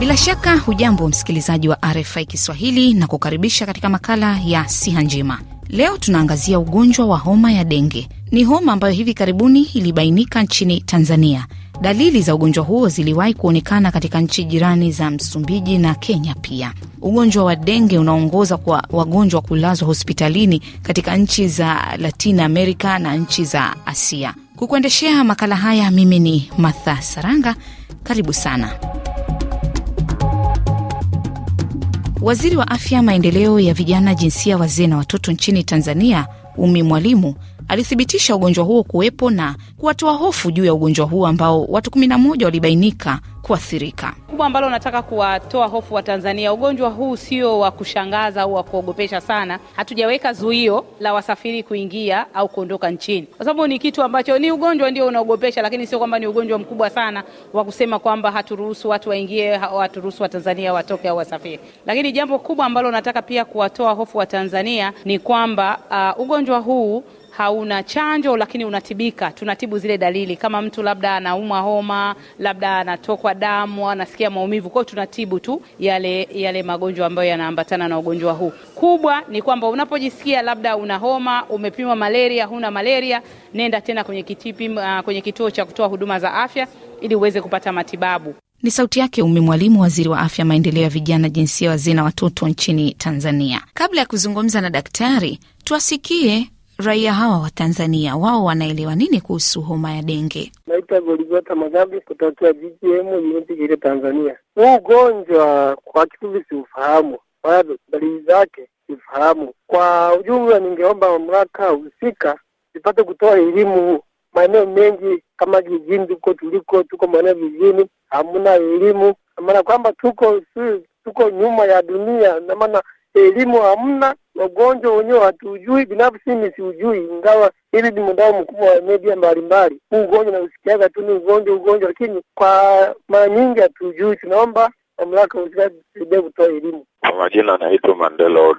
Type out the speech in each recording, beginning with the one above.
Bila shaka hujambo msikilizaji wa RFI Kiswahili na kukaribisha katika makala ya siha njema. Leo tunaangazia ugonjwa wa homa ya denge. Ni homa ambayo hivi karibuni ilibainika nchini Tanzania. Dalili za ugonjwa huo ziliwahi kuonekana katika nchi jirani za Msumbiji na Kenya pia. Ugonjwa wa denge unaongoza kwa wagonjwa kulazwa hospitalini katika nchi za Latin America na nchi za Asia. Kukuendeshea makala haya, mimi ni Martha Saranga. Karibu sana. Waziri wa Afya, Maendeleo ya Vijana, Jinsia, Wazee na Watoto nchini Tanzania, Umi Mwalimu alithibitisha ugonjwa huo kuwepo na kuwatoa hofu juu ya ugonjwa huo ambao watu 11 walibainika kuathirika kubwa ambalo nataka kuwatoa hofu wa Tanzania, ugonjwa huu sio wa kushangaza au wa kuogopesha sana. Hatujaweka zuio la wasafiri kuingia au kuondoka nchini, kwa sababu ni kitu ambacho ni ugonjwa ndio unaogopesha, lakini sio kwamba ni ugonjwa mkubwa sana wa kusema kwamba haturuhusu watu waingie, haturuhusu Watanzania watoke au wasafiri. Lakini jambo kubwa ambalo nataka pia kuwatoa hofu wa Tanzania ni kwamba uh, ugonjwa huu hauna chanjo lakini unatibika. Tunatibu zile dalili, kama mtu labda anaumwa homa, labda anatokwa damu, anasikia maumivu, kwa hiyo tunatibu tu yale yale magonjwa ambayo yanaambatana na ugonjwa huu. Kubwa ni kwamba unapojisikia labda una homa, umepimwa malaria, huna malaria, nenda tena kwenye kitipi, uh, kwenye kituo cha kutoa huduma za afya ili uweze kupata matibabu. Ni sauti yake umi Mwalimu, waziri wa afya, maendeleo ya vijana, jinsia, wazee na watoto nchini Tanzania. Kabla ya kuzungumza na daktari, tuwasikie raia hawa wa Tanzania wao wanaelewa nini kuhusu homa ya denge? Naitwa Goligota Magabi kutokea GGM ile Tanzania. Huu ugonjwa kwa kifupi siufahamu, bado dalili zake sifahamu. Kwa ujumla, ningeomba mamlaka husika zipate kutoa elimu maeneo mengi kama jijini tuko tuliko tuko maeneo vijijini hamuna elimu, na maana kwamba tuko tuko nyuma ya dunia, na maana elimu hamna, ugonjwa wenyewe hatujui, binafsi mimi siujui, ingawa hili ni mdao mkubwa wa media mbalimbali. Huu ugonjwa nausikiaga tu ni ugonjwa ugonjwa, lakini kwa mara nyingi hatujui. Tunaomba mamlaka husika tusaidie kutoa elimu. Kwa majina anaitwa Mandela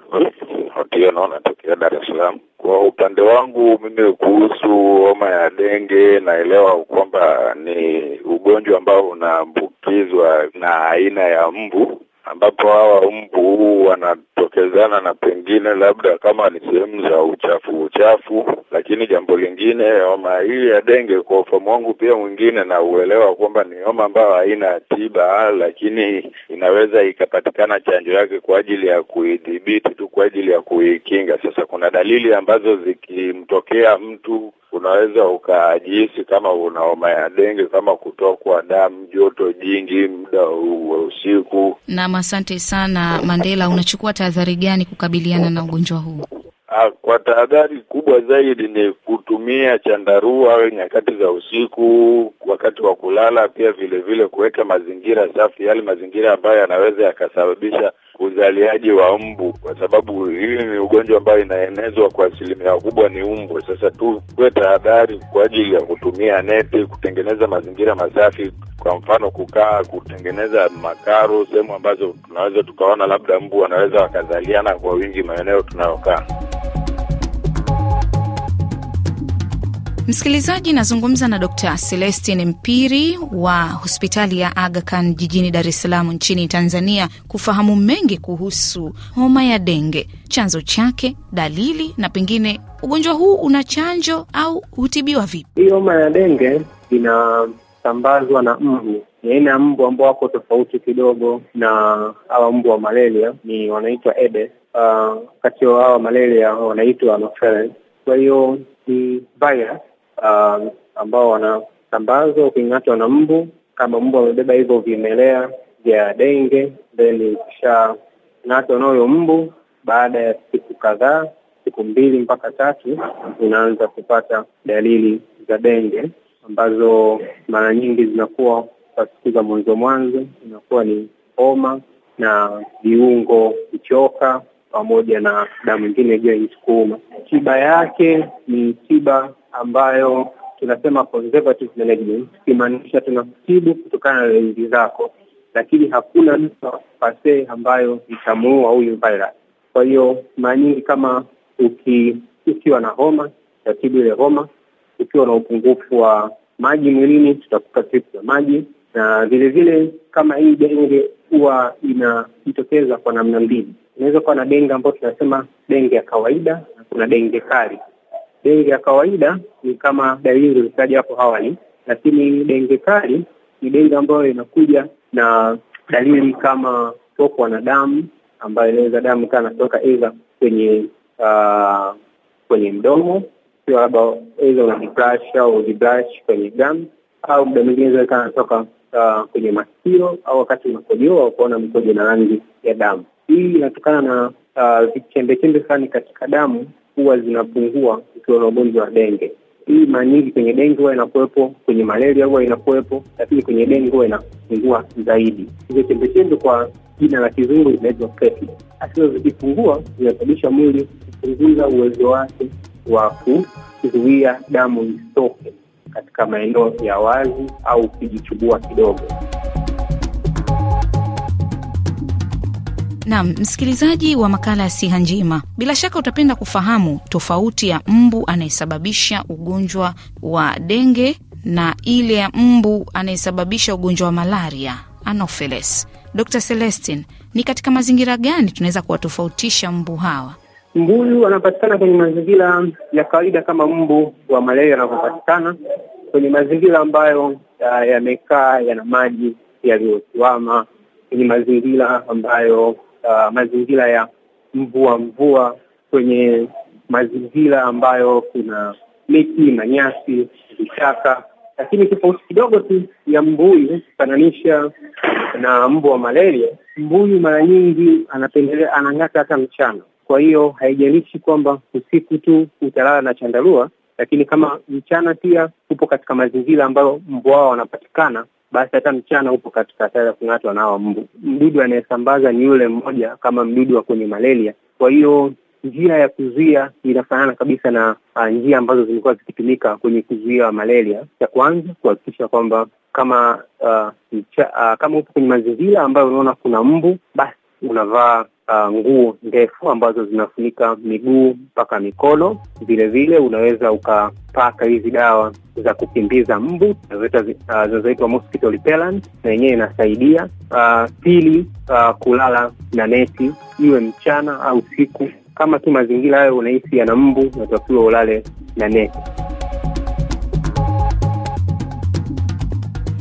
Otieno, natokea Dar es Salaam. Kwa upande wangu mimi, kuhusu homa ya denge, naelewa kwamba ni ugonjwa ambao unaambukizwa na aina ya mbu ambapo hawa mbu wanatokezana na pengine labda kama ni sehemu za uchafu uchafu. Lakini jambo lingine, homa hii ya denge, kwa ufamu wangu pia mwingine, na uelewa kwamba ni homa ambayo haina tiba, lakini inaweza ikapatikana chanjo yake kwa ajili ya kuidhibiti tu, kwa ajili ya kuikinga. Sasa kuna dalili ambazo zikimtokea mtu unaweza ukajihisi kama una homa ya denge, kama kutokwa damu, joto jingi muda wa usiku. Naam, asante sana Mandela. Unachukua tahadhari gani kukabiliana na ugonjwa huu? Ah, kwa tahadhari kubwa zaidi ni kutumia chandarua nyakati za usiku, wakati wa kulala, pia vilevile kuweka mazingira safi, yale mazingira ambayo yanaweza yakasababisha uzaliaji wa mbu, kwa sababu hii ni ugonjwa ambayo inaenezwa kwa asilimia kubwa ni mbu. Sasa tuwe tahadhari kwa ajili ya kutumia neti, kutengeneza mazingira masafi, kwa mfano kukaa, kutengeneza makaro, sehemu ambazo tunaweza tukaona labda mbu wanaweza wakazaliana kwa wingi maeneo tunayokaa. Msikilizaji, nazungumza na Dr Celestin Mpiri wa hospitali ya Aga Khan jijini Dar es Salaam nchini Tanzania, kufahamu mengi kuhusu homa ya denge, chanzo chake, dalili na pengine ugonjwa huu una chanjo au hutibiwa vipi? Hii homa ya denge inasambazwa na mbu ni aina ya mbu ambao wako tofauti kidogo na hawa mbu wa malaria, ni wanaitwa Aedes. Uh, ah, kati ya hawa malaria wanaitwa Kwa hiyo ni virus uh, ambao wanasambazwa uking'atwa na mbu. Kama mbu amebeba hivyo vimelea vya denge, then ukishang'atwa na huyo mbu, baada ya siku kadhaa, siku mbili mpaka tatu, unaanza kupata dalili za denge ambazo mara nyingi zinakuwa kwa siku za mwanzo mwanzo, inakuwa ni homa na viungo kuchoka pamoja na damu mwingine against kuuma. Tiba yake ni tiba ambayo tunasema conservative management, kimaanisha tunakutibu kutokana na dalili zako, lakini hakuna dawa pasee ambayo itamuua huyu virus. Kwa hiyo mara nyingi kama uki, ukiwa na homa tatibu ile homa, ukiwa na upungufu wa maji mwilini tutakupa tripu ya maji, na vilevile kama hii genge huwa inajitokeza kwa namna mbili. Inaweza kuwa na denge ambayo tunasema denge ya kawaida na kuna denge kali. Denge ya kawaida ni kama dalili zilizotaja hapo awali, lakini denge kali ni denge ambayo inakuja na dalili kama kutokwa na damu, ambayo inaweza damu kaa natoka aidha kwenye uh, kwenye mdomo labda aidha una vibrashi au vibrashi kwenye damu au muda mwingine inaweza natoka uh, kwenye masikio au wakati unakojoa ukaona mkojo na rangi ya damu. Hii inatokana na uh, vichembechembe fulani katika damu huwa zinapungua ukiwa na ugonjwa wa denge. Hii mara nyingi kwenye denge huwa inakuwepo, kwenye malaria huwa inakuwepo, lakini kwenye denge huwa inapungua zaidi. Hizo chembechembe kwa jina la kizungu inaitwa platelets. zikipungua, zinasababisha mwili kupunguza uwezo wake wa kuzuia damu iso katika maeneo ya wazi au kujichubua kidogo. Naam, msikilizaji wa makala ya Siha Njema, bila shaka utapenda kufahamu tofauti ya mbu anayesababisha ugonjwa wa denge na ile ya mbu anayesababisha ugonjwa wa malaria anopheles. Dr. Celestin, ni katika mazingira gani tunaweza kuwatofautisha mbu hawa? mbuyu anapatikana kwenye mazingira ya kawaida kama mbu wa malaria anavyopatikana, kwenye mazingira ambayo uh, yamekaa yana maji yaliyotuama, kwenye mazingira ambayo a, uh, mazingira ya mvua mvua, kwenye mazingira ambayo kuna miti, manyasi, vichaka, lakini tofauti kidogo tu ya mbuyu kufananisha na mbu wa malaria. Mbuyu mara nyingi anapendelea anang'ata hata mchana, kwa hiyo haijalishi kwamba usiku tu utalala na chandarua lakini kama mchana pia upo katika mazingira ambayo mbwa wao wanapatikana, basi hata mchana upo katika hatari ya kung'atwa na mbu. Mdudu anayesambaza ni yule mmoja kama mdudu wa kwenye malaria, kwa hiyo njia ya kuzuia inafanana kabisa na uh, njia ambazo zimekuwa zikitumika kwenye kuzuia malaria. Cha kwanza kuhakikisha kwamba kama uh, mcha, uh, kama upo kwenye mazingira ambayo unaona kuna mbu, basi unavaa uh, nguo ndefu ambazo zinafunika miguu mpaka mikono. Vilevile unaweza ukapaka hizi dawa za kukimbiza mbu uh, zinazoitwa uh, mosquito repellent, na yenyewe inasaidia. Uh, pili, uh, kulala na neti, iwe mchana au siku. Kama tu mazingira hayo unahisi yana mbu, unatakiwa ulale na neti.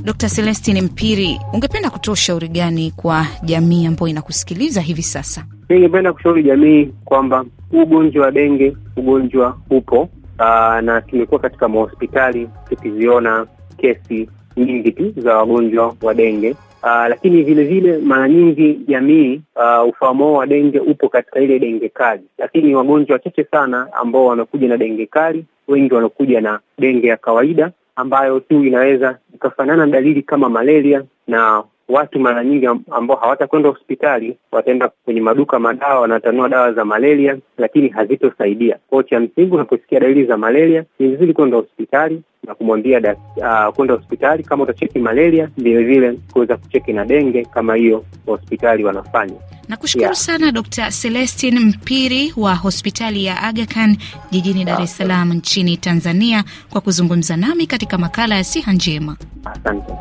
Dr. Celestin Mpiri, ungependa kutoa ushauri gani kwa jamii ambayo inakusikiliza hivi sasa? Ningependa kushauri jamii kwamba huu ugonjwa wa denge, ugonjwa upo aa, na tumekuwa katika mahospitali tukiziona kesi nyingi tu za wagonjwa wa denge. Uh, lakini vile vile mara nyingi jamii uh, ufahamu wa denge upo katika ile denge kali, lakini wagonjwa wachache sana ambao wanakuja na denge kali, wengi wanakuja na denge ya kawaida ambayo tu inaweza ikafanana dalili kama malaria na watu mara nyingi ambao hawatakwenda hospitali wataenda kwenye maduka madawa, wanatanua dawa za malaria, lakini hazitosaidia. Kwao cha msingi, unaposikia dalili za malaria ni vizuri kwenda hospitali na kumwambia uh, kwenda hospitali kama utacheki malaria, vilevile kuweza kucheki na denge kama hiyo hospitali wanafanya. Nakushukuru yeah, sana Dr. Celestin Mpiri wa hospitali ya Aga Khan jijini Dar es Salaam nchini Tanzania kwa kuzungumza nami katika makala ya Siha Njema. Asante.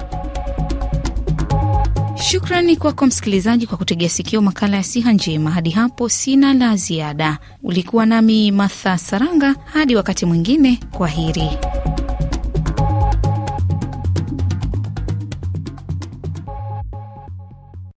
Shukrani kwako msikilizaji kwa kutegea sikio makala ya siha njema. Hadi hapo sina la ziada. Ulikuwa nami Martha Saranga, hadi wakati mwingine, kwa heri.